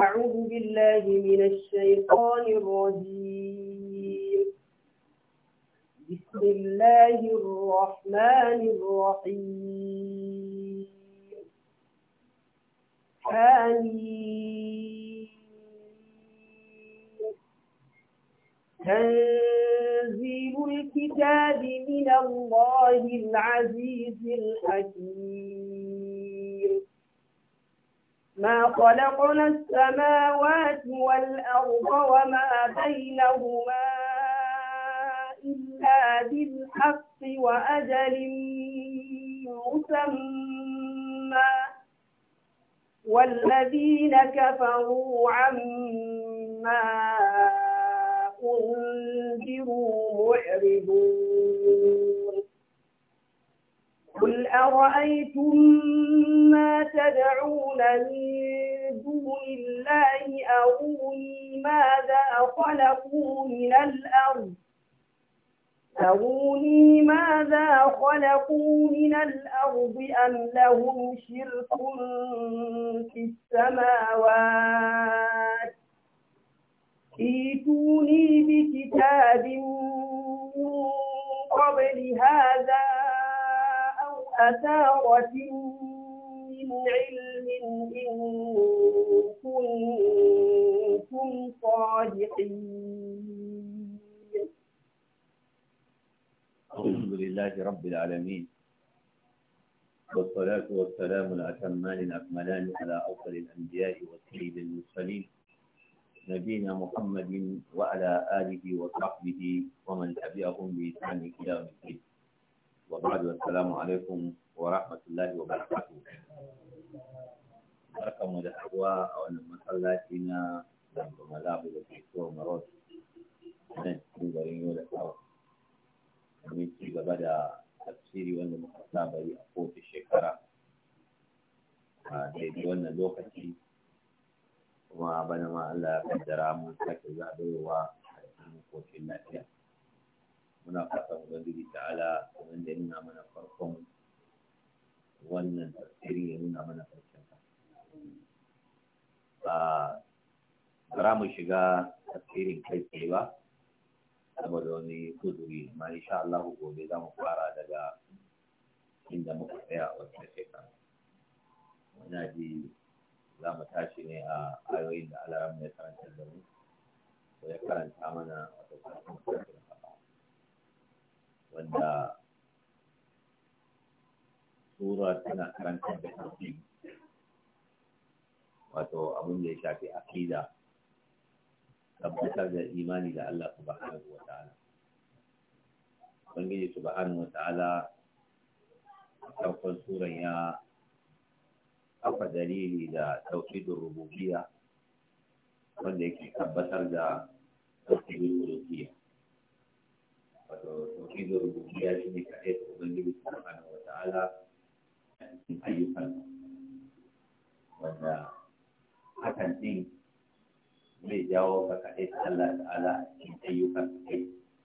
أعوذ بالله من الشيطان الرجيم بسم الله الرحمن الرحيم حميم تنزيل الكتاب من الله العزيز الحكيم ما خلقنا السماوات والأرض وما بينهما إلا بالحق وأجل مسمى والذين كفروا عما أنذروا معرضون قل أرأيتم ما تدعون من دون الله أروني ماذا خلقوا من الأرض أروني ماذا خلقوا من الأرض أم لهم شرك في السماوات ائتوني بكتاب من قبل هذا أثارة من علم إن كنتم صادقين الحمد لله رب العالمين والصلاة والسلام الأتمان الأكملان على أفضل الأنبياء والسيد المرسلين نبينا محمد وعلى آله وصحبه ومن تبعهم بإحسان إلى يوم الدين wa ba'du alaikum wa rahmatullahi wa barakatuh barkamu da haɗuwa a wannan masallaci na Malabu da ke so Marot nan cikin garin yau da kawo domin ci gaba da tafsiri wanda muka saba yi a kowace shekara a daidai wannan lokaci kuma bana ma Allah ya kaddara mun sake zaɓewa a cikin kocin lafiya muna fatan ta ala. hadisin da ya nuna mana farkon wannan tafsiri ya nuna mana farkon ba za mu shiga tafsirin kai tsaye ba saboda wani kuduri ma insha Allah gobe za mu fara daga inda muka tsaya wata shekara muna ji za mu tashi ne a ayoyin da alaram ya karanta da mu ko ya karanta mana wata wanda sura tana karantar da tauhid wato abin da ya shafi aqida tabbatar da imani da Allah subhanahu wa ta'ala ubangiji subhanahu wa ta'ala farkon suran ya kafa dalili da tauhidin rububiyya wanda yake tabbatar da tauhidin rububiyya wato tauhidin rububiyya shine kaɗai da ubangiji subhanahu wa ta'ala cikin ayyukan wanda hakan ɗin zai jawo ka kaɗai ta Allah ta'ala a cikin ayyukan kai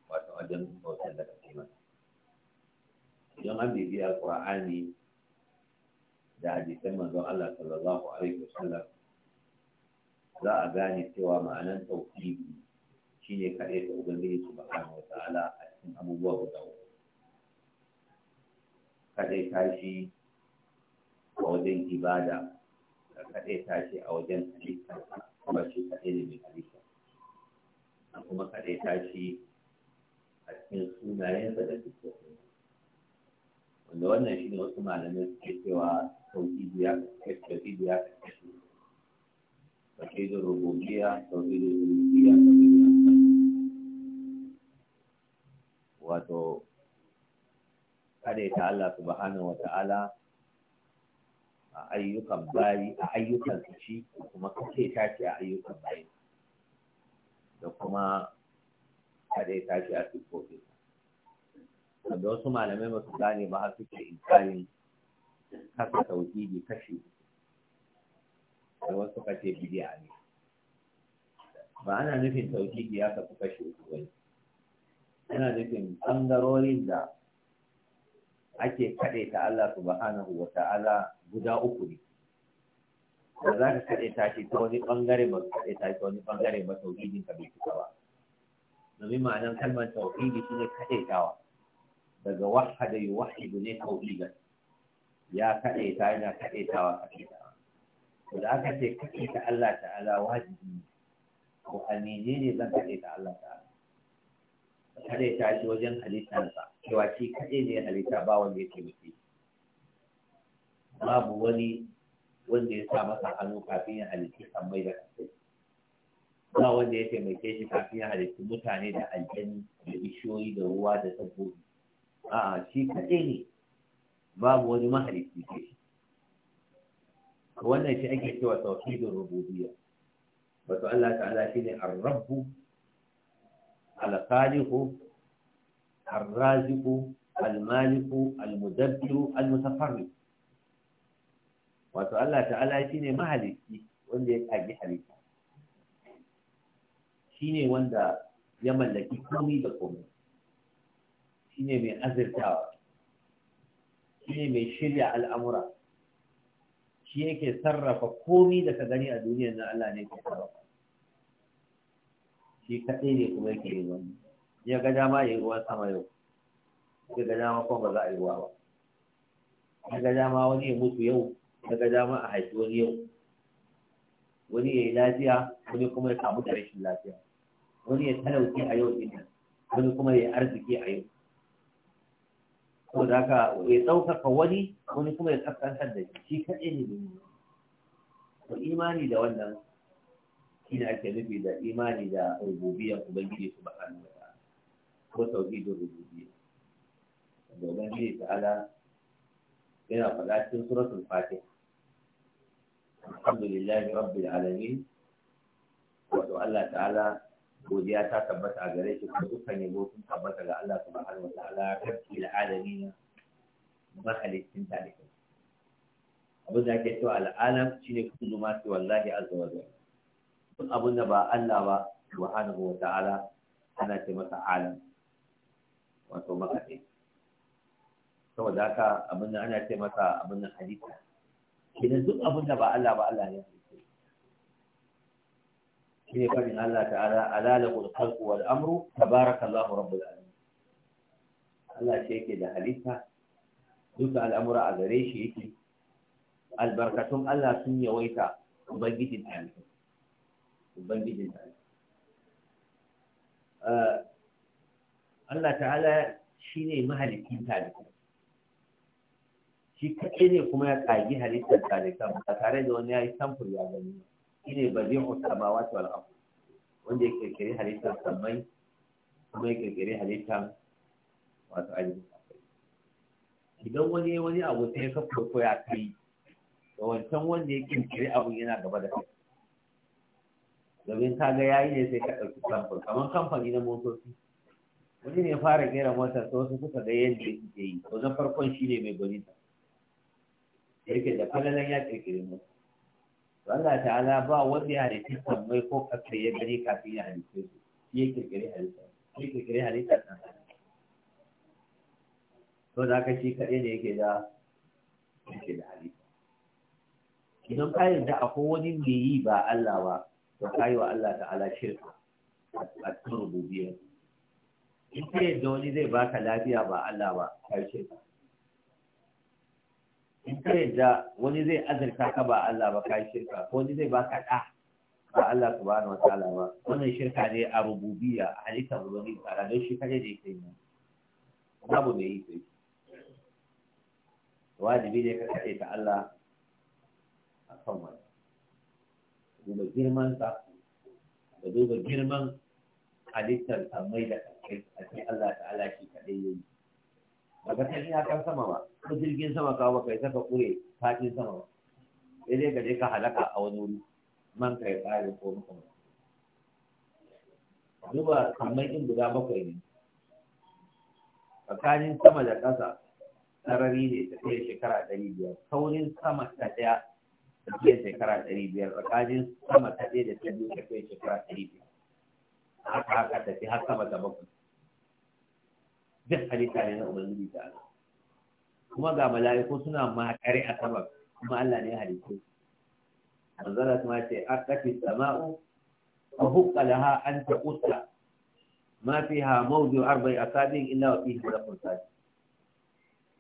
wato wajen bautar da kake masa idan an bibiya qur'ani da hadisan manzon Allah sallallahu alaihi wasallam za a gane cewa ma'anar tauhidi shine kaɗai ta ubangiji subhanahu wa ta'ala a abubuwa guda uku kaɗai tashi a wajen ibada ka kaɗai tashi a wajen halittar kuma shi kaɗai ne mai halitta kuma kaɗai tashi a cikin sunayensa da suke wanda wannan shi ne wasu malamai suke cewa tauhidi ya tauhidi ya kashe tauhidin rububiyya tauhidin rububiyya tauhidin wato kada ta Allah subhanahu wa ta'ala a ayyukan bayi a ayyukan su shi kuma kace tashi a ayyukan bayi da kuma kare tashi a sifofin wanda wasu malamai ba su gane ba har suke inkarin kasa tauhidi kashi da wasu kace bidiya ne ba ana nufin tauhidi ya kafa kashi uku bai yana nufin ɓangarorin da ake kaɗe ta Allah subhanahu wa ta'ala guda uku ne da za ka kaɗe tashi ta wani ɓangare ba su kaɗe tashi ta wani ɓangare ba tauhidin ka bai cika ba domin ma'anar kalmar tauhidi shi ne kaɗe tawa daga da yi da ne tauhidan ya kaɗe ta yana kaɗe tawa kaɗe tawa to da aka ce kaɗe ta Allah ta'ala wajibi ko a ne zan kaɗe ta Allah ta'ala kaɗe ta shi wajen halittarsa cewa shi kaɗe ne halitta ba wanda ya taimake shi babu wani wanda ya sa masa hannu kafin ya halicci sammai da kasai ba wanda ya taimake shi kafin ya halicci mutane da aljani da bishiyoyi da ruwa da dabbobi a'a shi kaɗai ne babu wani mahalitti ke shi wannan shi ake cewa da rububiyya wato Allah ta'ala shine ar-rabbu al-khaliqu ar-raziqu al-maliku al-mudabbiru al wato Allah ta'ala shine mahalicci wanda ya kage halitta shine wanda ya mallaki komai da komai shine mai azirtawa shine mai shirya al'amura shi yake sarrafa komai da ka gani a duniyar nan Allah ne ke sarrafa shi kaɗai ne kuma yake yi wani ya ga dama ya yi ruwan sama yau ya ga dama kuma ba za a yi ruwa ba ya ga dama wani ya mutu yau daga dama a haifi wani yau wani ya yi lafiya wani kuma ya samu da rashin lafiya wani ya talauci a yau ɗin wani kuma ya arziki a yau ko da haka ya ɗaukaka wani wani kuma ya kaskantar da shi kaɗai ne domin to imani da wannan shi ne ake nufi da imani da rububiyar ubangiji su ba hannu da ko tauhidin rububiyar da ubangiji ala yana faɗa cikin suratul fatiha alhamdulillahi rabbil alamin wato Allah ta'ala godiya ta tabbata a gare shi kuma dukkan yabo sun tabbata ga Allah subhanahu wa ta'ala rabbil alamin mahalicin talibai abin da ake cewa al'alam shine kullu ma fi wallahi azza wa jalla duk abin da ba Allah ba subhanahu wa ta'ala ana ce masa alam wato makaɗe saboda haka abin da ana ce masa abin da hadisa idan duk abin da ba Allah ba Allah ne sai farin Allah ta'ala alalakul khalqu wal amru tabarakallahu rabbul alamin Allah shi yake da halitta duka al'amura a gare shi yake albarkatun Allah sun yawaita ubangijin halitta ubangijin halitta eh, Allah ta'ala shi shine mahalikin halitta shi kaɗai ne kuma ya ƙagi halittar talikan ba tare da wani ya yi samfur ya gani shi ne ba zai hutu ba wata al'afu wanda ya ƙirƙiri halittar sammai kuma ya ƙirƙiri halittar wasu ainihin idan wani wani abu sai kafa ko ya kai da wancan wanda ya ƙirƙiri abu yana gaba da kai domin ka ga yayi ne sai ka ɗauki samfur kamar kamfani na motoci wani ne fara gera motar ta wasu suka ga yadda yake yi Wannan farkon shi ne mai gwanita da yake da falalan ya kirkiri mu Allah ta'ala ba wanda ya rike tambayi ko kafin ya gani kafin ya halitta su ya kirkiri halitta ya kirkiri halitta ta to da ka shi kaɗai ne yake da yake da halitta idan ka yarda akwai wani mai yi ba Allah ba to ka yi wa Allah ta'ala shirka a cikin rububiyar in ka yarda wani zai baka lafiya ba Allah ba ka yi shirka in ka yadda wani zai azurta ka ba Allah ba yi shirka ko wani zai baka da ba Allah subhanahu wata ba wannan shirka ne a rububiya a halittar wani tsara don shi kare da ya kai yi babu da yake wajibi ne ka kaɗe ta Allah a kan wani duba girman sa da duba girman halittar samai da kai a cikin Allah ta'ala shi kaɗai yi ba ka tashi hakan sama ba ko jirgin sama ka baka isa ka kure fatin sama ba sai dai ka je ka halaka a wani wuri man ka ya tsari ko maka duba kamar in guda bakwai ne tsakanin sama da ƙasa sarari ne kai shekara ɗari biyar saurin sama ta ɗaya tafiyar shekara ɗari biyar tsakanin sama ta ɗaya da ta biyu tafiyar shekara ɗari biyar haka haka tafi har sama ta bakwai duk halitta ne na ubangiji ta Allah kuma ga mala'iku suna makare a sama kuma Allah ne halittu manzala kuma ce aqati sama'u wa huqqa laha an taqutta ma fiha mawdi'u arba'i asabi' illa wa fihi rafun sadi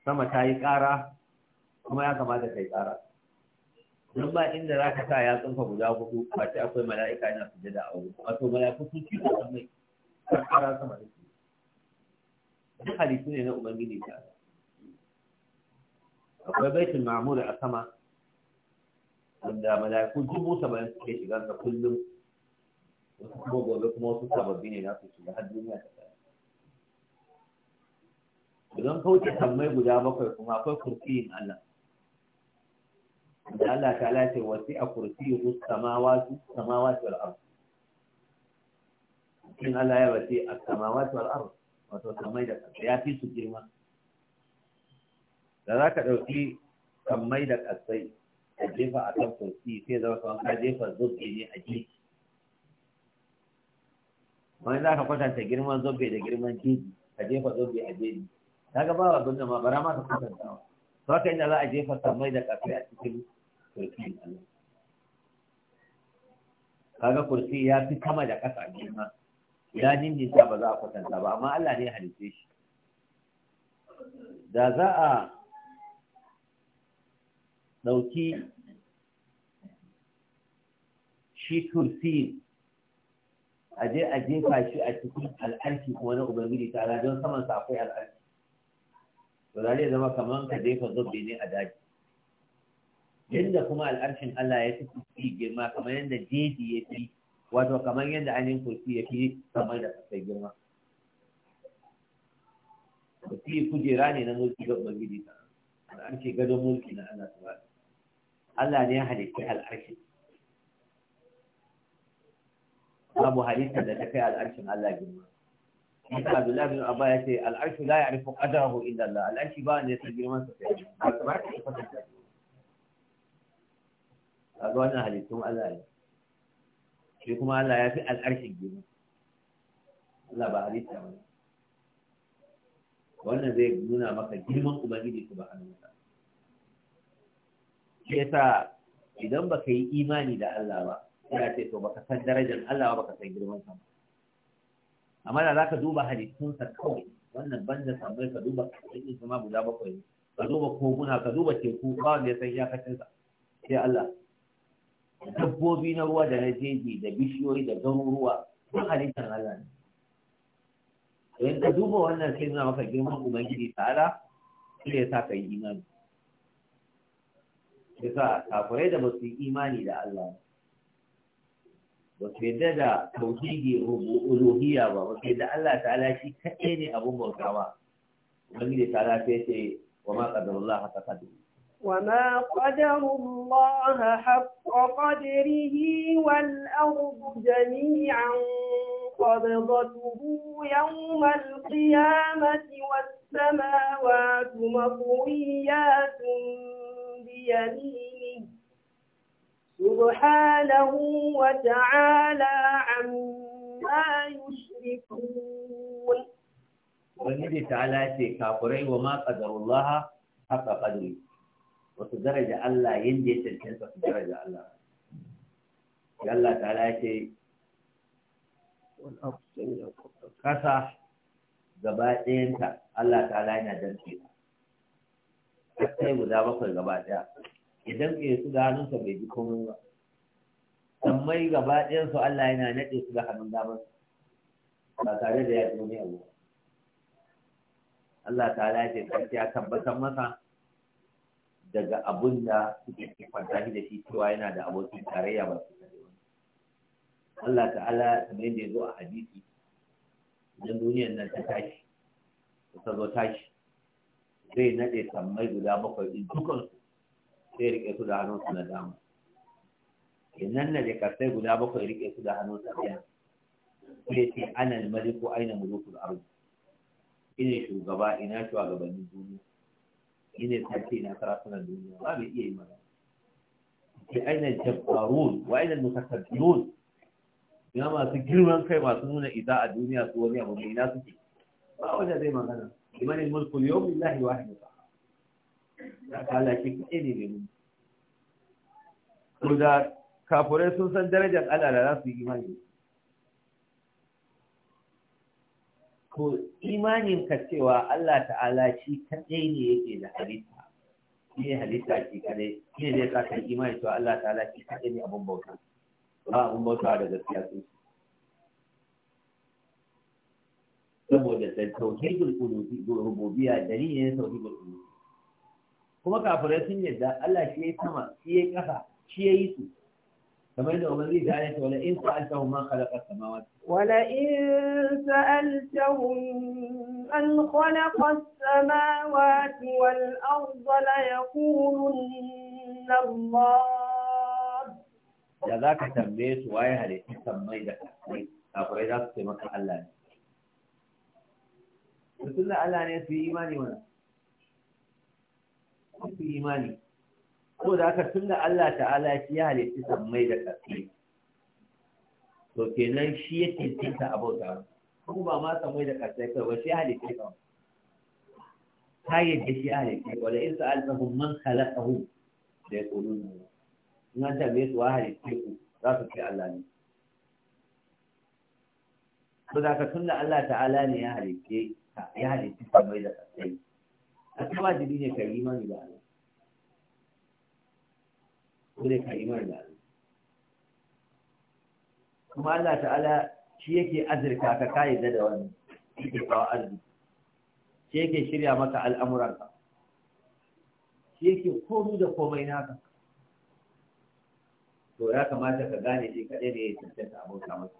sama ta yi kara kuma ya kamata ta yi ƙara don ba inda za ka sa ya tsunfa guda hudu ba ce akwai mala'ika yana jada a wuri wato mala'iku sun ci da mai ƙara sama da su duk halittu ne na ubangiji ta akwai baitul ma'mur a sama wanda malaiku dubu saba'in suke shiga sa kullum wasu kuma gobe kuma wasu sababbi ne na su shiga har duniya ta tsaya idan kauce tambayi guda bakwai kuma akwai kursiyin Allah da Allah ta lace wasi a kursiyin samawati samawati wal ardh kin Allah ya wasi a samawati wal ardh wato samai da ya fi su girma da za ka ɗauki kammai da ƙasai ka jefa a kan kurki sai zama kamar ka jefa zobe ne a jiki wani za ka kwatanta girman zobe da girman jeji ka jefa zobe a jeji ta gaba ba abin ma bara ma ka kwatanta wa to haka inda za a jefa kammai da ƙasai a cikin kurki. Allah kaga kursi ya fi kama da ƙasa girma ya ninjinta ba za a kwatanta ba amma Allah ne ya halitta shi da za a ɗauki shi turfi a je a jefa shi a cikin al'arki kuma na ubangiji ta ala don saman sa akwai al'arki to zai zama kamar ka jefa zobe ne a daji yadda kuma al'arshin Allah ya fi kursi girma kamar yadda jeji ya fi wato kamar yadda ainihin kursi ya fi kamar da kasai girma kursi kujera ne na mulki ga ubangiji ta al'arshi gadon mulki na Allah subhanahu Allah ne ya halitta al'arshin babu halitta da ta kai al'arshin Allah girma Musa Abdullahi bin Abba ya ce al'arshu la ya'rifu qadarahu illa Allah al'arshi ba ne san girman sa sai ba ta ba ta fata kaga wannan halittun Allah ne shi kuma Allah ya fi al'arshin girma Allah ba halitta ba wannan zai nuna maka girman Ubangiji subhanahu wa ta'ala yasa idan baka yi imani da Allah ba ya ce to baka san darajar Allah ba baka san girman sa amma da zaka duba halittunsa sa kawai wannan banda sabai ka duba kudin sa guda bakwai ka duba koguna ka duba teku ba wanda ya san iyakacin sa sai Allah dabbobi na ruwa da na jeji da bishiyoyi da garuruwa duk halittar Allah ne idan ka duba wannan sai nuna maka girman ubangiji ta'ala sai ya sa ka yi imani yasa kafirai da basu yi imani da Allah ba su yadda da tauhidi uluhiyya ba ba su yadda Allah ta'ala shi kaɗai ne abun bauta ba da ta'ala sai ce wa ma qadarullah haka kadu وما قدروا الله حق قدره والأرض جميعا قبضته يوم القيامة والسماوات مطويات بيمينه سبحانه وتعالى عما يشركون ta'ala ce kafirai wa ma qadarullah haqa wasu daraja Allah yanda ya tantance su daraja Allah Allah ta'ala ce kasa gaba ɗayanta Allah ta'ala yana dantse sai guda bakwai gaba ɗaya idan ke su da hannunsa bai ji komai ba sammai gaba ɗayan su Allah yana naɗe su da hannun damar ba tare da ya ji wani abu Allah ta ala ce ya tabbatar masa daga abun da suke kwanta shi da shi cewa yana da abokin tarayya ba su kare wani Allah ta ala kamar yadda ya zo a hadisi idan duniyar nan ta tashi ta zo tashi zai naɗe sammai guda bakwai ɗin dukan sai rike su da su na dama na da kasai guda bakwai rike su da hannunsa ɗaya sai ce ana ko aina mulukul arzu ina shugaba ina shugabannin duniya ina sarki ina sarakunan duniya ba mai iya yi mana sai aina jabbarun wa aina mutakabbirun ina masu girman kai masu nuna ita a duniya su wani abu mai ina suke ba wanda zai magana لمن الملك mulku لله واحد lillahi قال da Allah shi kaɗai ne mai mulki ko da kafurai sun san darajar za su yi ko imanin ka cewa Allah ta'ala shi kaɗai ne yake da halitta shi ne halitta shi kadai shi ne zai sa ka imani cewa Allah ta'ala shi kaɗai ne abun bauta ba abun bauta da gaskiya sun saboda tauhidul rububiyya dalilin tauhidul uluhiyya kuma kafirai sun yadda Allah shi yayi sama shi yayi kasa shi yayi su kamar da ubangiji ta ayata wala in sa'altahum ma khalaqa as-samawati wala in sa'altahum an khalaqa as-samawati wal arda la yaqulunna Allah da zaka tambaye su waye halittun sammai da kasai kafirai za su taimaka Allah ne da Allah ne su yi imani mana su yi imani ko da haka tun da Allah ta'ala shi ya halitta sammai da ƙarfi to kenan shi ya tintinta a bauta Kuma ba ma sammai da ƙarfi kai ba shi ya halitta ka ta yadda shi ya halitta wala in sa'altahum man khalaqahum da ya kulun ne in an tambaye su wa halitta ku za su ce Allah ne ko da haka tun da Allah ta'ala ne ya halitta ya halitta samai da kasai a kuma wajibi ne ka yi imani da ne ko ne ka yi imani da ne kuma Allah ta'ala shi yake azurka ka kayyade da wani shi ke kawo arziki shi yake shirya maka ka shi yake komi da komai naka to ya kamata ka gane shi kaɗai ne ya cancanta abota masa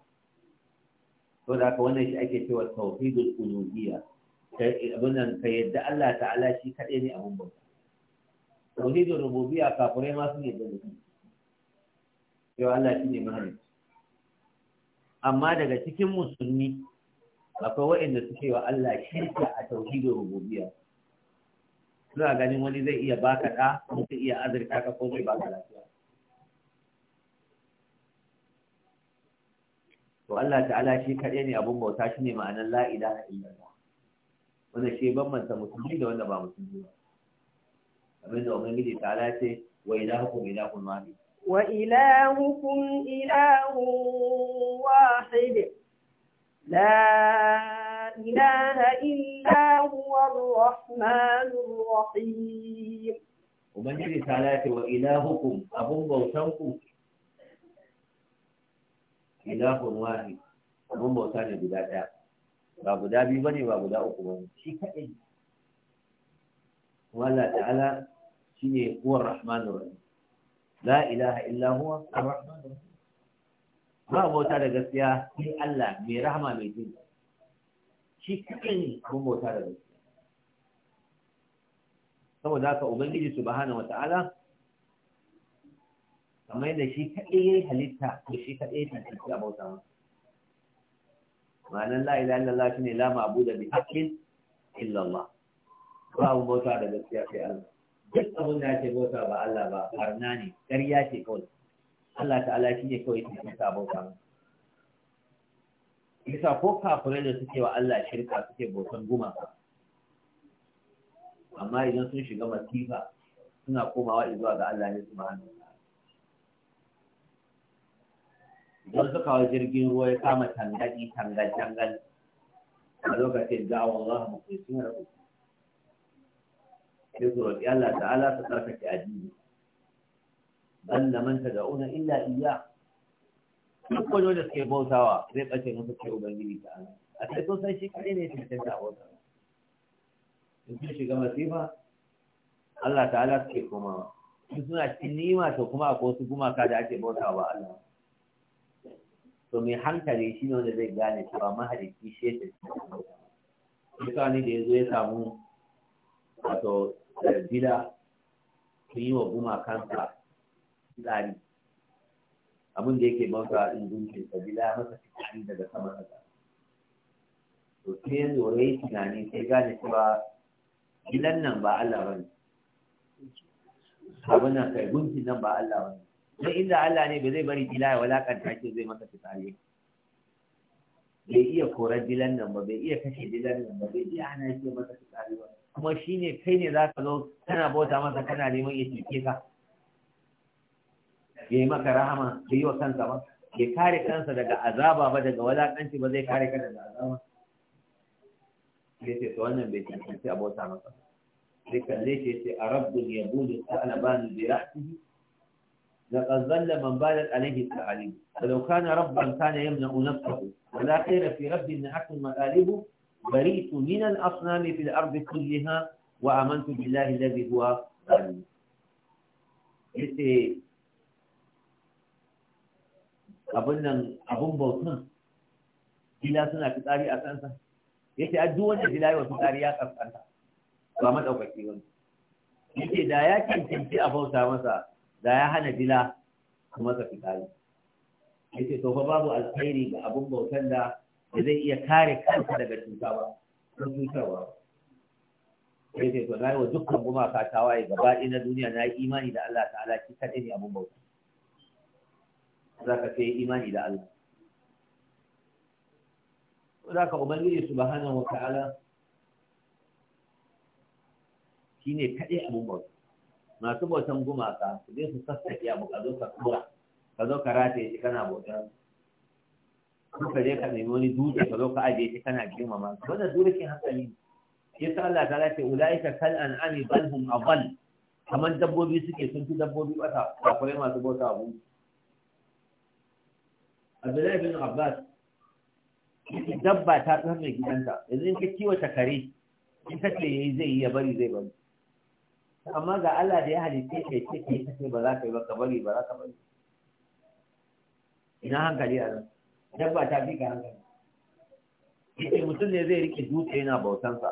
to da haka wannan shi ake cewa tawhidul uluhiyya abin nan ka yadda Allah ta'ala shi kaɗai ne abin bauta tauhidin rububiyya kafirai ma su ne da shi yau Allah shi ne mahalicci amma daga cikin musulmi akwai waɗanda suke wa Allah shirka a tauhidin rububiyya suna ganin wani zai iya baka ɗa ko zai iya azurta ka ko zai baka lafiya to Allah ta'ala shi kaɗai ne abin bauta shi ne ma'anar la ilaha illallah wanda shi bambanta musulmi da wanda ba musulmi ba abinda ubangiji ta ala ce, wa ilahukum ilahun wahid wa ilahukum ilahun wahid la ilaha illa huwa ar-rahmanur rahim ubangiji ta ce, wa ilahukum abun bautanku ilahun wahid abun bauta ne guda daya ba guda biyu bane ba guda uku bane shi kaɗai Allah ta'ala shi ne huwa rahmanur rahim la ilaha illa huwa rahmanur rahim ba bauta da gaskiya sai Allah mai rahama mai jin shi kaɗai kuma bauta da gaskiya saboda haka ubangiji subhanahu wata'ala kamar yadda shi kaɗai yayi halitta ko shi kaɗai ya shi a bauta masa ma'anar la ilaha illallah shine la ma'budu bi haqqin illallah babu bauta da gaskiya sai Allah duk abin da yake bauta ba Allah ba harna ne ƙarya ce kawai Allah ta'ala shi ne kawai ke kusa bauta Isa ko kafirai da suke wa Allah shirka suke bautan gumaka amma idan sun shiga masifa suna komawa zuwa ga Allah ne subhanahu wa don suka wa jirgin ruwa ya kama tangaɗi tangal tangal a lokacin da Allah mu kai sun rabu sai su roƙi Allah ta'ala su tsarkake addini manta da una illa iya duk wani da suke bautawa zai ɓace musu kai ubangiji ta Allah a sai kun san shi kaɗai ne cikin da wata in sun shiga masifa Allah ta'ala suke komawa suna cikin nima to kuma akwai wasu gumaka da ake bautawa ba Allah to mai hankali shi ne wanda zai gane cewa mahalicci shi ya mutane da ya zo ya samu wato eh, gida su yi wa gumakansa tsari abin da yake bauta in gunkin sa gida masa fitari daga sama kasa to sai ya zo ya yi tunani sai gane cewa gidan nan ba Allah ba ne abin nan kai gunkin nan ba Allah ba ne don inda Allah ne ba zai bari dila ya walakanta shi zai masa fitsari bai iya korar dilan nan ba bai iya kashe dilan nan ba bai iya hana shi masa fitsari ba kuma shi ne kai ne za ka zo kana bauta masa kana neman ya cike ka ya yi maka rahama ya yi wa kansa ba ya kare kansa daga azaba ba daga walakanci ba zai kare ka daga azaba sai ce wannan bai cancanci a bauta masa sai kalle ce ce a rabbul ya bude ta alabanu bi ra'sihi لقد ظل من بالت عليه التعاليم فلو كان ربا كان يمنع نفسه ولا خير في رب إن أكل مآلبه بريت من الأصنام في الأرض كلها وأمنت بالله الذي هو أبنى أبنى بوطن إلا سنة كتاري أسانسا يتي أدوان إلاي وكتاريات أسانسا da ya hana dila kuma ka fitari Sai to fa babu alkhairi ga abun bautan da zai iya kare kansa daga cuta ba ko cutarwa yace to na yi wa dukkan gumaka tawaye gaba na duniya na yi imani da Allah ta'ala ki kaɗai ne abun bauta za ka sai imani da Allah za ka ubangiji subhanahu wa ta'ala shine kaɗai abun bauta masu bautan gumaka su je su sassake abu ka zo ka tura ka zo ka rataye shi kana bautan su ka je ka nemi wani dutse ka zo ka ajiye shi kana girmama wannan dutse hankali ne sa Allah ta lafi ulaika kal an bal balhum adall kamar dabbobi suke sun fi dabbobi bata akwai masu bauta abu Abdullahi bin Abbas dabba ta tsar gidanta yanzu in ka kiwata kare in ka ce yayi zai yi ya bari zai bari amma ga Allah da ya halitta kai ce kai kace ba za ka yi ba ka bari ba za ka bari ina hankali a nan dabba ta fi ka hankali ita mutum ne zai rike dutse yana bautansa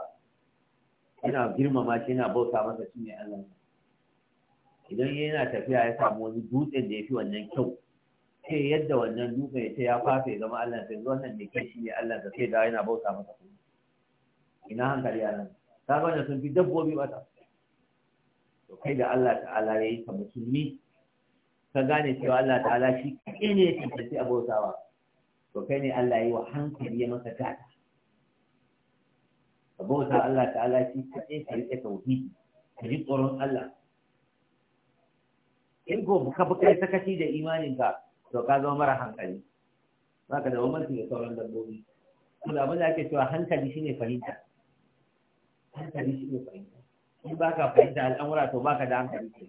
yana girmama shi yana bauta masa shi ne Allah idan yana tafiya ya samu wani dutsen da ya fi wannan kyau sai yadda wannan dutsen ya ce ya fafe zama Allah sai wannan ne kai shi ne Allah sai da yana bauta masa ina hankali a nan ta sun fi dabbobi ba ta. to kai da Allah ta'ala ya yi ka musulmi ka gane cewa Allah ta'ala shi kai ne ya tantance abotawa to kai ne Allah ya yi wa hankali ya masa gata abota Allah ta'ala shi kai ka riƙe tauhidi ka ji tsoron Allah in ko ka bi kai sakaci da imaninka to ka zama mara hankali ba ka da mamanci da sauran dabbobi Kula da abin da ake cewa hankali shine fahimta hankali shine fahimta in ba ka fahimta al'amura to ba ka da hankali ke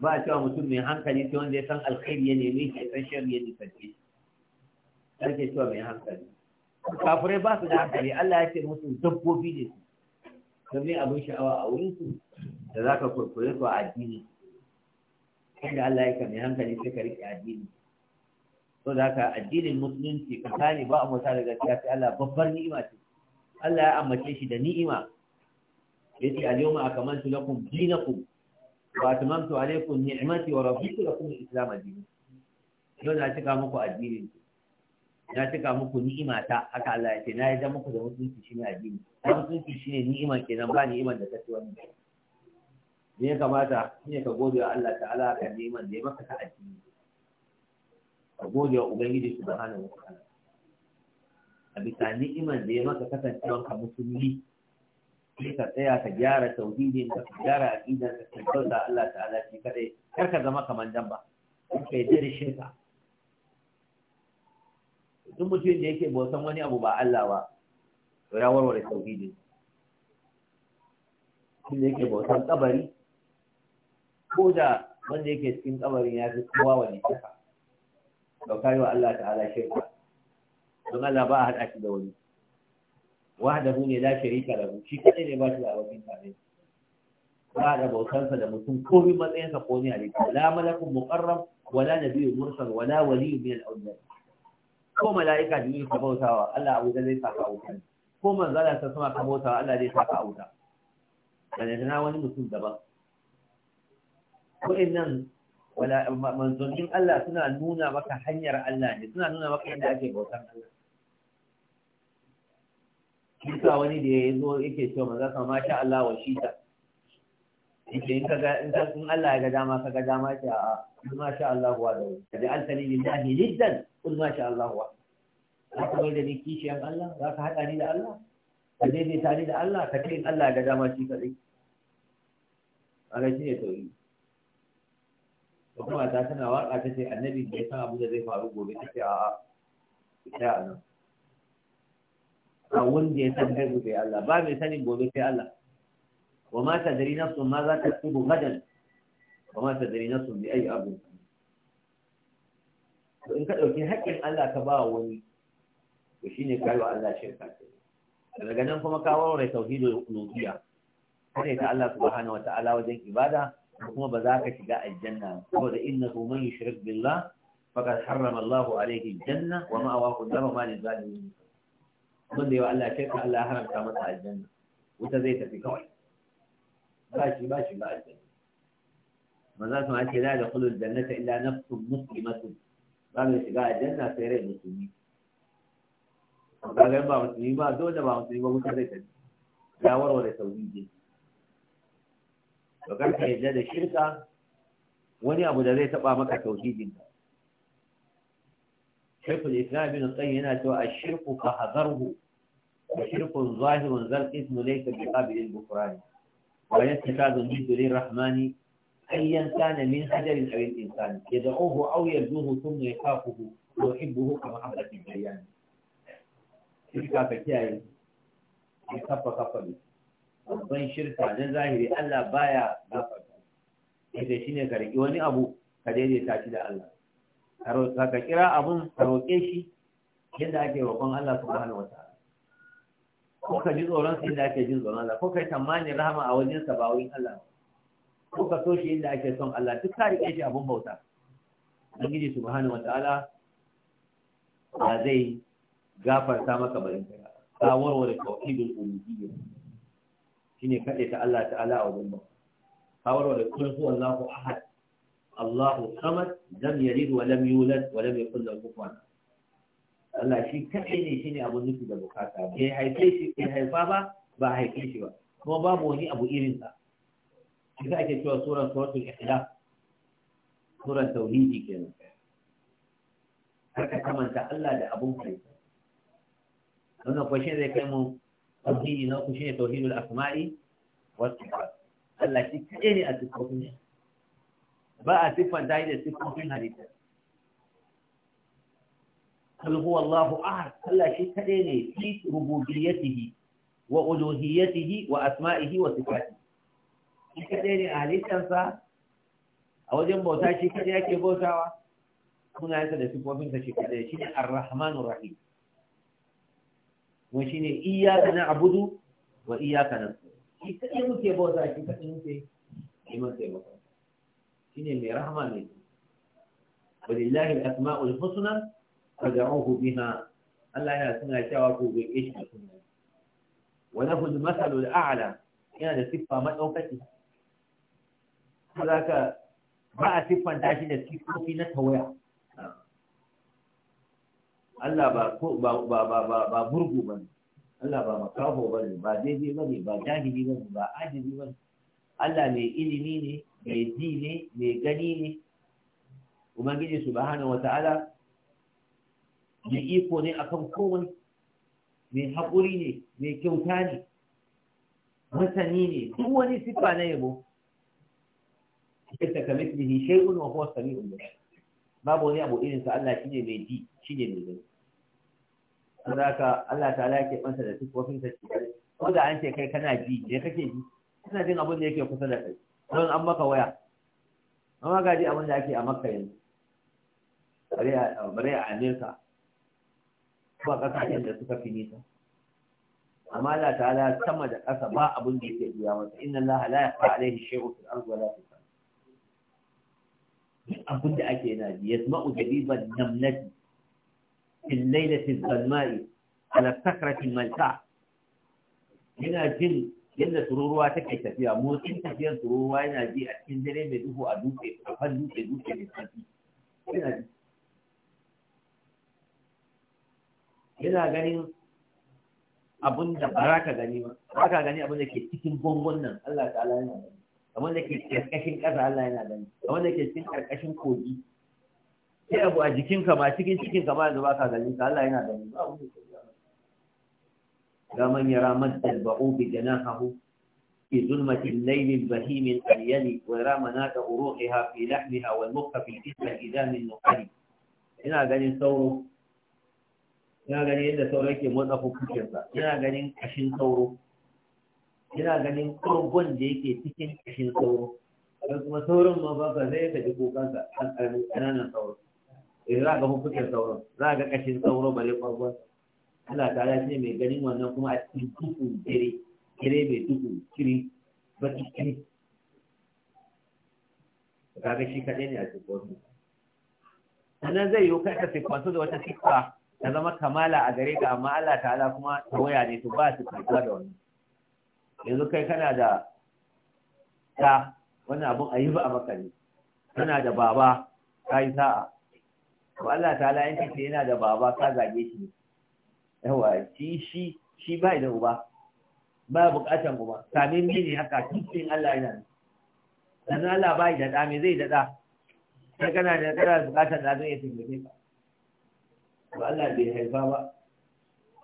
ba a cewa mutum mai hankali sai wanda ya san alkhairi ya nemi shi san shari ya nisanci sarki cewa mai hankali kafirai ba su da hankali Allah ya ce musu dabbobi ne su domin abin sha'awa a wurin su da za ka kurkure su a addini inda Allah ya ka mai hankali sai ka riƙe addini to da haka addinin musulunci ka sani ba a mutane da gaskiya sai Allah babbar ni'ima ce Allah ya ammace shi da ni'ima yace al-yawma akmaltu lakum dinakum wa atmamtu alaykum ni'mati wa raditu lakum al-islam dinan yau na cika muku addini na cika muku ni'ima ta haka Allah ya ce na yarda muku da mutunci shine addini mutunci shine ni'ima kenan ba ni'iman da take wani ne ya kamata ne ka gode wa Allah ta'ala ka ni'iman da ya maka ta addini ka gode wa ubangiji subhanahu wa ta'ala a bisa ni'imar da ya maka kasancewa ka musulmi ka tsaya ka gyara tauhidin ka gyara aqidan ka ka da Allah ta'ala shi kadai kar ka zama kaman ba in kai da ka duk mutum da yake bautan wani abu ba Allah ba to ya warware tauhidin mutum yake bautan kabari ko da wanda yake cikin kabarin ya fi kowa wani ka to kai wa Allah ta'ala shirka don Allah ba a haɗa shi da wani wahdahu ne la sharika lahu shi kadai ne ba shi da abokin tarayya ba da sa da mutum ko bi matsayinsa ko ne halitta la malakun muqarrab wala nabiyyun mursal wala waliyyun min al-awliya ko mala'ika da ka bautawa Allah abu da zai saka wuta ko manzala ta sama ka bautawa Allah zai saka wuta dan yana wani mutum daban ko innan wala manzonin Allah suna nuna maka hanyar Allah ne suna nuna maka yadda ake bautan Allah Kisa wani da ya zo yake cewa maza ka masha Allah wa shi ta. Yake in kaga in ka in Allah ya ga dama ka ga dama ce a ma sha Allah wa da wani. Kaji an sani lillahi liddan kun ma sha Allah wa. Za ka mai da ni kishiyan Allah za ka haɗa ni da Allah. Ka daidaita ni da Allah ka ce in Allah ya ga dama shi kaɗai. A ga shi ne ko Kuma ta tana waƙa ta ce annabi da ya san abu da zai faru gobe ta ce a'a. Ita nan. a wanda ya san gaibu sai Allah ba mai sanin gobe sai Allah wa ma tadri nafsun ma za ta tubu gadan wa ma tadri nafsun bi ayi abu to in ka dauki haƙƙin Allah ka ba wani to shine kai wa Allah shirka daga nan kuma ka warware tauhidul uluhiyya kare ta Allah subhanahu wa ta'ala wajen ibada kuma ba za ka shiga aljanna saboda innahu man yushrik billah faqad harrama Allahu alayhi aljanna wa ma'awahu an-nar ma lizalimin wanda yawa Allah ka Allah ya haramta masa aljanna wuta zai tafi kawai ba shi ba shi ba aljanna maza su ma ce la da kulul jannata illa nafsun muslimatun ba mai shiga aljanna sai rai musulmi kaga ba musulmi ba dole ba musulmi ba wuta zai tafi ya warware tauhidi to karka yadda da shirka wani abu da zai taba maka tauhidin ka shirkul islam ibn qayyim yana cewa ashirku fa hadarhu wa shirkun zahirun zal ismu laysa bi qabil al-bukrani wa yastafadu jiddu lirrahmani أيا كان من حجر أو الإنسان يدعوه أو يرجوه ثم يخافه ويحبه كمحبة الجيران شركة فتاي يخفى خفى babban shirka na zahiri Allah baya gafarta ita shine ka riki wani abu ka daidaita shi da Allah ka kira abun ka roƙe shi yadda ake roƙon Allah subhanahu ta'ala. ko ka ji tsoron su yadda ake jin tsoron Allah ko ka tamanin rahama a wajen sa ba wurin Allah ko ka so shi yadda ake son Allah duk ka rike shi abun bauta Ubangiji subhanahu ta'ala ba zai gafarta maka barin kai ka warware tauhidul uluhiyya shine kade ta Allah ta'ala a wajen ba ka warware kullu huwallahu ahad Allahu samad lam yalid wa lam yulad wa lam yakul lahu kufuwan Allah shi kadai ne shi ne abun nufi da bukata bai haife shi bai haifa ba ba haife shi ba kuma babu wani abu irin sa shi ake cewa suran suratul ikhlas suran tauhidi kenan ka kamanta Allah da abun kai wannan kwashe zai kai mu tauhidi na ku shine tauhidul asma'i was sifat Allah shi kadai ne a cikin ba a siffanta shi da siffofin halitta kul huwa Allahu ahad Allah shi kaɗe ne fi rububiyyatihi wa uluhiyyatihi wa asma'ihi wa sifati. shi kaɗe ne a halittarsa a wajen bauta shi kaɗe yake bautawa kuna yasa da ka shi kaɗe shi ne ar rahmanu rahim wa shi ne iyaka na abudu wa iyaka na shi kaɗe muke bauta shi kaɗe muke neman taimako shine mai rahama ne walillahi al-asma'ul husna fad'uhu biha Allah yana suna cewa ku ga shi da sunna wa lahu al-masalul a'la yana da siffa madaukaki ba a siffanta shi da siffofi na tawaya Allah ba ko ba ba ba ba burgu ba makafo ba ba ba Allah mai ilimi ne mai ji ne mai gani ne su ubangiji subhanahu wata'ala mai iko ne kan kowai mai haƙuri ne mai kyauta ne masani ne kuma wani siffa na yabo yadda ka ne, shay'un wa huwa sami basir babu wani abu irin sa Allah shine mai ji shine mai gani saboda haka Allah ta'ala yake manta da sifofin sa ko da an ce kai kana ji ne kake ji kana jin abin da yake kusa da kai don an maka waya amma gaji abin da ake a maka yanzu bare a amerika Kuma kasashen da suka fi nisa amma Allah ta'ala sama da ƙasa ba abin da yake biya masa inna Allah la yaqa alaihi shay'un fil ardi wala fis sama abin da ake yana ji yasma'u jabiban namlati fil lailati adh-dhalma'i ala sakrati al-malta' yana jin yadda tururuwa ta kai tafiya motsin tafiyar tururuwa yana ji a cikin dare mai duhu a dutse a kan dutse dutse mai santi yana ganin abin da ba ka gani ba ba ka gani abin da ke cikin gongon nan Allah ala yana gani abin da ke karkashin ƙasa Allah yana gani abin da ke cikin karkashin kogi sai abu a jikinka ma cikin cikinka ma yanzu ba ka gani ka Allah yana gani ba abin da ke يا من يرى مد البعوض جناحه في ni الليل البهيم الأليل ويرى مناك أروحها في لحمها والمخ في الجسم إذا من نقل ina ganin sauro ina ganin yadda sauro yake motsa hukuncinsa ina ganin kashin sauro ina ganin kurgun da yake cikin kashin sauro don kuma sauron ma ba ka zai ka ji kukansa an ƙananan sauro za ga hukuncin sauro za ga kashin sauro bare kurgunsa Allah ta'ala shi ne mai ganin wannan kuma a cikin duku dare dare mai duhu kiri ta kiri kaga shi kaɗai ne a cikin wasu sannan zai yiwu kai ka kwanso da wata sifa ta zama kamala a gare ka amma Allah ta'ala kuma ta waya ne to ba su kwanso da wani yanzu kai kana da ta wani abin a yi ba a maka ne kana da baba ka yi sa'a Ko Allah ta'ala yanki ce yana da baba ka zage shi ne. yawa shi shi shi bai da uba ba bukatan uba kamin mini haka cikin Allah yana ne sannan Allah bai da da me zai da da sai kana da kana bukatan da zai taimake ka to Allah bai haifa ba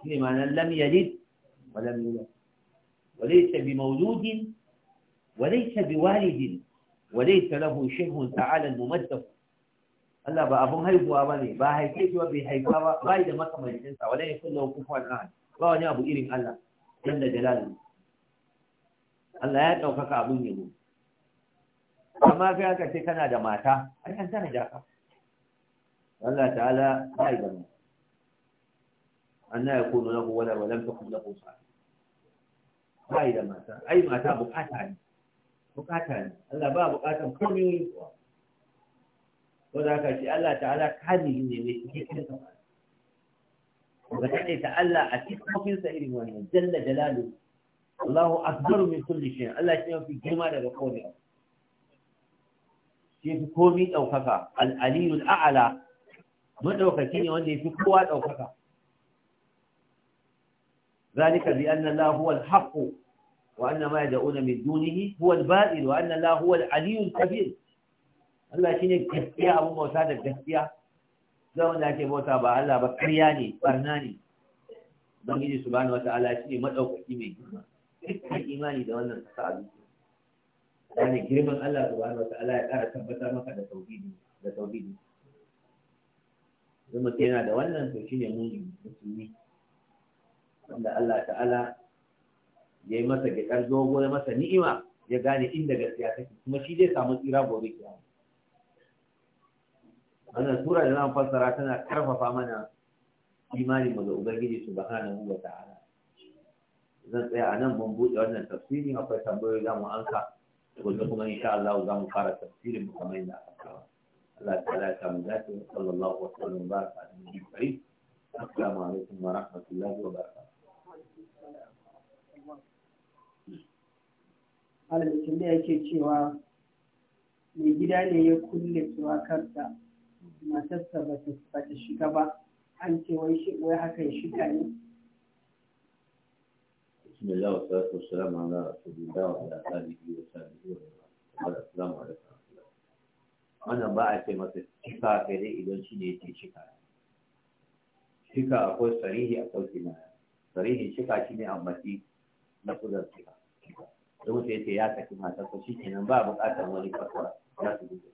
shine ma'anar lam yalid wa lam yulad wa laysa bi mawludin wa laysa bi walidin وليس له شبه تعالى الممدد Allah ba abun haihuwa ba ne ba haife shi ba bai haifa ba ba da makamancinsa sa wala ya kullu kufuwan ahad ba wani abu irin Allah dan da jalalu Allah ya daukaka abun yabo amma kai aka ce kana da mata ai an tana jaka Allah ta'ala ba ya gani anna yakunu lahu wala wa lam takun lahu sahiba ba ya mata ai mata bukata ne bukata ne Allah ba bukatan komai kuwa ko da haka shi Allah ta'ala kamili ne mai cikin kamar ba kaɗai ta Allah a cikin sa irin wannan jalla jalalu Allahu akbar min kulli shay Allah shi yafi girma daga komai shi yafi komai daukaka al-aliyul a'la madaukaki ne wanda yafi kowa daukaka ذلك بأن الله هو الحق وأن ما يدعون من دونه هو الباطل وأن الله هو العلي الكبير Allah shi ne gaskiya abu bauta da gaskiya zai wanda ake bauta ba Allah ba karya ne barna ne su bani wata ala shi ne madaukaki mai girma dukkan imani da wannan kasa abinci ne girman Allah bani wata ala ya ƙara tabbatar maka da tauhidi da tauhidi zama yana da wannan to shi ne muni musulmi wanda Allah ta'ala ya yi masa gyaɗar dogo ya masa ni'ima ya gane inda gaskiya take kuma shi zai samu tsira gobe kiyama wannan sura da zan fassara tana karfafa mana imani mu ga ubangiji mu wa ta'ala zan tsaya a nan mun buɗe wannan tafsirin akwai tambayoyi za mu anka gobe kuma insha Allah za mu fara tafsirin mu kamar yadda aka kawo Allah ta'ala ya samu dace sallallahu alaihi wa sallam baraka da mu kai assalamu alaikum wa rahmatullahi wa barakatuh Alamin da yake cewa mai gida ne ya kulle tuwa kansa matarsa ba ta shiga ba an ce wai wai haka ya shiga ne بسم الله والصلاة والسلام على رسول الله وعلى آله وصحبه وسلم السلام عليكم wannan ba a ce masa shika sai dai idan shi ne ce shika shika akwai sarihi sauki na. sarihin shika shi ne ambaci na kudan shika don sai ya saki matarsa shi kenan ba buƙatar wani fasara ya su gudu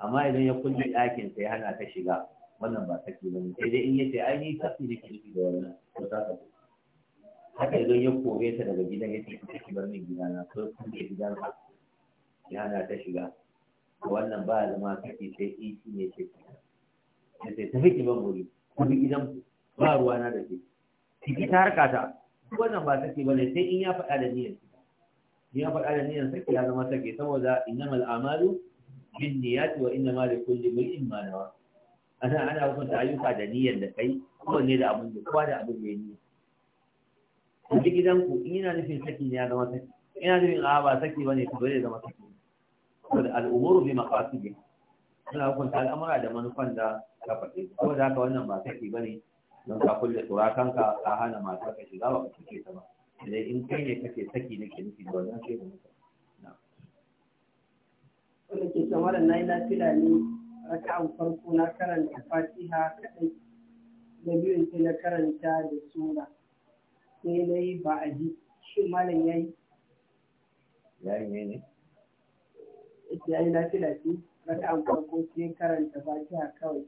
amma idan ya kulle ɗakin sai hana ka shiga wannan ba saki ba ne sai dai in yace ai ni saki ne kirki da wannan ko ta ka haka idan ya kore ta daga gidan yace ki ki bar gida gidana ko kun gida na ya hana ta shiga wannan ba zama saki sai shi ne ce sai tafi ki ban wuri kuma gidan ba ruwa na da ke ciki ta harka ta wannan ba saki bane sai in ya faɗa da niyyar ya faɗa da niyyar saki ya zama saki saboda innamal amalu bin niyyati wa inna ma li kulli imrin ma nawa ana ana hukunta ayyuka da niyyar da kai ko ne da abin da kowa da abin da yake ku ji gidan ku ina nufin saki ne ya zama saki ina nufin a ba saki bane to dole zama saki da al'umuru bi maqasidi ana hukunta al'amura da manufan da ka faɗi ko da haka wannan ba saki bane don ka kulle kanka ka hana mata ka shiga ba ka cike ta ba sai in kai ne kake saki nake nufi da wannan sai da wanda ke cewa malam na yi lafiya ne raka'an farko na karanta fatiha kaɗai na biyun sai na karanta da sura sai na yi ba a ji shin malam ya yi ya yi mene ya yi lafiya ce raka'an farko sai karanta fatiha kawai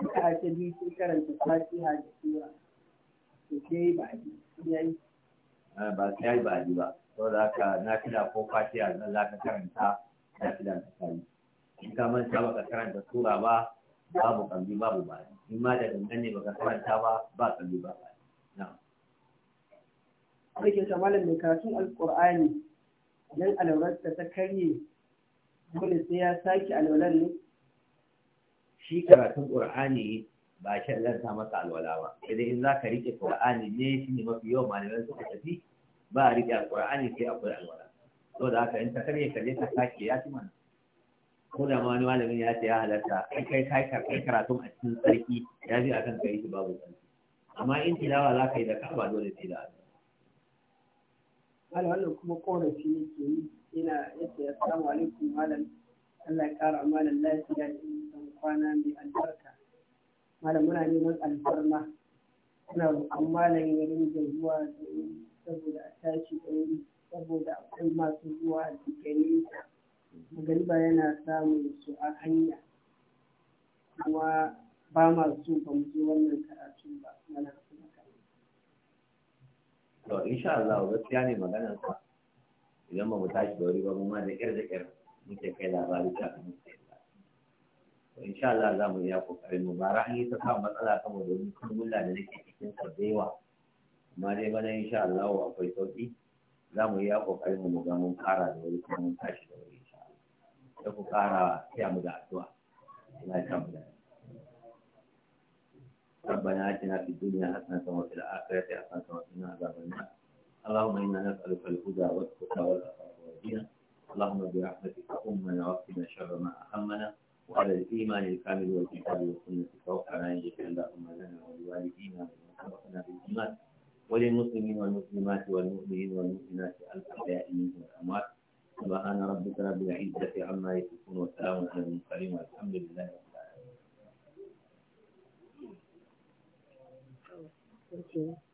raka'a ta biyu sai karanta fatiha da sura sai ba a ji ya yi ah, ba sai ba a ji ba saboda haka na kira ko fatiha zan za ka karanta nafilan tsakani in ka manta ba ka karanta sura ba babu kambi babu ba in ma da dangan ne ba ka karanta ba ba kambi ba ba na'am Rike shamalin mai karatun Alƙur'ani idan alaularsa ta karye dole sai ya sake alwalar ne? Shi karatun Ƙur'ani ba shi ta masa alwala ba, idan in za ka riƙe Ƙur'ani ne shi ne mafi yawan malamai suka tafi ba a riƙe Alƙur'ani sai akwai alwala. to da aka in ta karye ka je ka sake ya ci mana ko da ma wani malamin ya ce ya halarta kai kai kai kai karatun a cikin tsarki ya ji akan kai shi babu sarki amma in tilawa za ka yi da ka dole sai da Allah wannan kuma ƙorafi ne ke yi ina yace assalamu alaikum malam Allah ya kara malam lafiya da san kwana mai albarka malam muna neman alfarma ina roƙon malam ya rinja zuwa saboda a tashi da wuri saboda akwai masu zuwa daga nesa magariba yana samun su a hanya kuma ba ma so ba mu je wannan karatu ba mana kuma to insha Allah gaskiya ne maganar sa idan ba mu tashi da wuri ba mu ma da kyar da kyar muke kai labari ta kan to insha Allah za mu iya kokarin mu ba yi ta samu matsala saboda wani kulmulla da nake cikin sa da yawa amma dai bana insha Allah akwai sauki za mu iya kokarin mu ga mun fara da wuri kuma mun tashi da wuri insha Allah sai ku fara ya mu da addu'a ina ta mu da ربنا آتنا في الدنيا حسنة وفي الآخرة حسنة وقنا عذاب النار اللهم إنا نسألك الهدى والتقى والعفاف والغنى اللهم برحمتك أمنا واقنا شر ما أهمنا وعلى الإيمان الكامل والكتاب والسنة توفنا إليك اللهم لنا ولوالدينا ونصرفنا بالإيمان وللمسلمين والمسلمات والمؤمنين والمؤمنات الأحياء منهم والأموات سبحان ربك رب العزة عما يصفون وسلام على المرسلين والحمد لله رب العالمين. Thank you.